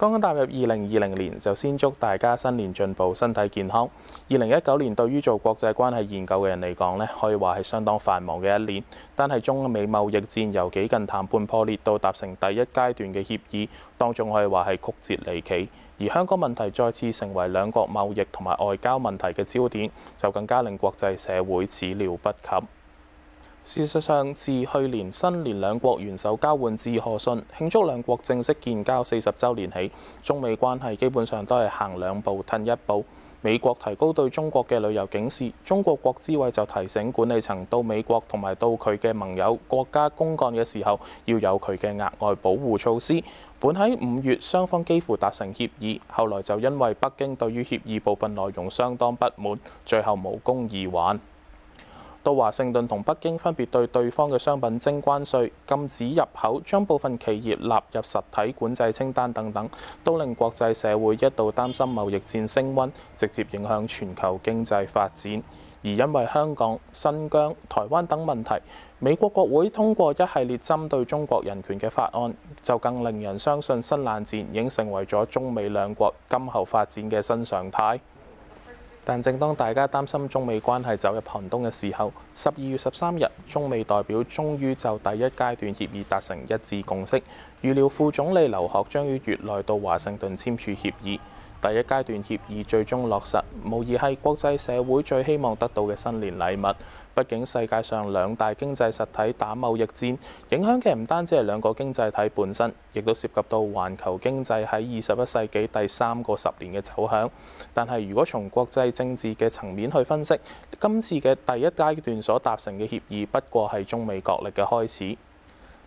剛剛踏入二零二零年，就先祝大家新年進步、身體健康。二零一九年對於做國際關係研究嘅人嚟講呢，可以話係相當繁忙嘅一年。但係中美貿易戰由幾近談判破裂到達成第一階段嘅協議，當中可以話係曲折離奇。而香港問題再次成為兩國貿易同埋外交問題嘅焦點，就更加令國際社會始料不及。事實上，自去年新年兩國元首交換致賀信，慶祝兩國正式建交四十週年起，中美關係基本上都係行兩步褪一步。美國提高對中國嘅旅遊警示，中國國資委就提醒管理層到美國同埋到佢嘅盟友國家公幹嘅時候，要有佢嘅額外保護措施。本喺五月，雙方幾乎達成協議，後來就因為北京對於協議部分內容相當不滿，最後無功而還。到華盛頓同北京分別對對方嘅商品徵關稅、禁止入口、將部分企業納入實體管制清單等等，都令國際社會一度擔心貿易戰升温，直接影響全球經濟發展。而因為香港、新疆、台灣等問題，美國國會通過一系列針對中國人權嘅法案，就更令人相信新冷戰已經成為咗中美兩國今後發展嘅新常態。但正當大家擔心中美關係走入寒冬嘅時候，十二月十三日，中美代表終於就第一階段協議達成一致共識，預料副總理劉鶴將於月內到華盛頓簽署協議。第一階段協議最終落實，無疑係國際社會最希望得到嘅新年禮物。畢竟世界上兩大經濟實體打貿易戰，影響嘅唔單止係兩個經濟體本身，亦都涉及到環球經濟喺二十一世紀第三個十年嘅走向。但係如果從國際政治嘅層面去分析，今次嘅第一階段所達成嘅協議不過係中美角力嘅開始。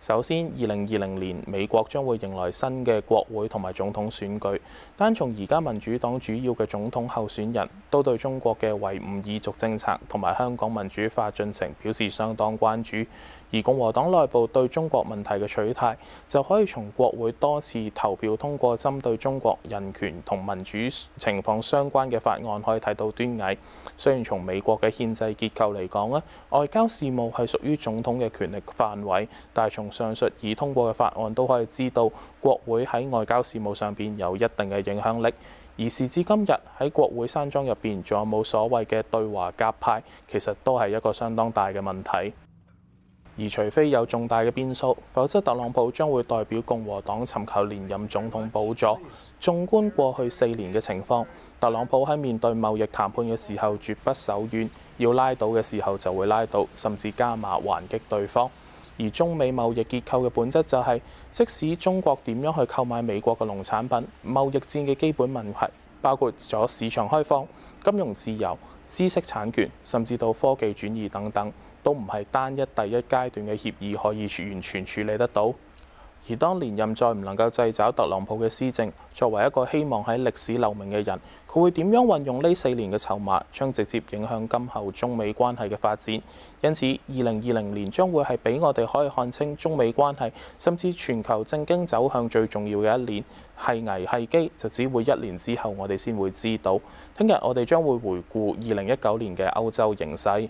首先，二零二零年美國將會迎來新嘅國會同埋總統選舉，單從而家民主黨主要嘅總統候選人。都對中國嘅維吾爾族政策同埋香港民主化進程表示相當關注，而共和黨內部對中國問題嘅取態，就可以從國會多次投票通過針對中國人權同民主情況相關嘅法案可以睇到端倪。雖然從美國嘅憲制結構嚟講呢，外交事務係屬於總統嘅權力範圍，但係從上述已通過嘅法案都可以知道，國會喺外交事務上邊有一定嘅影響力。而時至今日，喺國會山莊入邊，仲有冇所謂嘅對華鴿派，其實都係一個相當大嘅問題。而除非有重大嘅變數，否則特朗普將會代表共和黨尋求連任總統補助。縱觀過去四年嘅情況，特朗普喺面對貿易談判嘅時候，絕不手軟，要拉倒嘅時候就會拉倒，甚至加碼還擊對方。而中美貿易結構嘅本質就係，即使中國點樣去購買美國嘅農產品，貿易戰嘅基本問題包括咗市場開放、金融自由、知識產權，甚至到科技轉移等等，都唔係單一第一階段嘅協議可以完全處理得到。而當年任再唔能夠掣肘特朗普嘅施政，作為一個希望喺歷史留名嘅人，佢會點樣運用呢四年嘅籌碼，將直接影響今後中美關係嘅發展。因此，二零二零年將會係俾我哋可以看清中美關係，甚至全球政經走向最重要嘅一年。係危係機，就只會一年之後我哋先會知道。聽日我哋將會回顧二零一九年嘅歐洲形勢。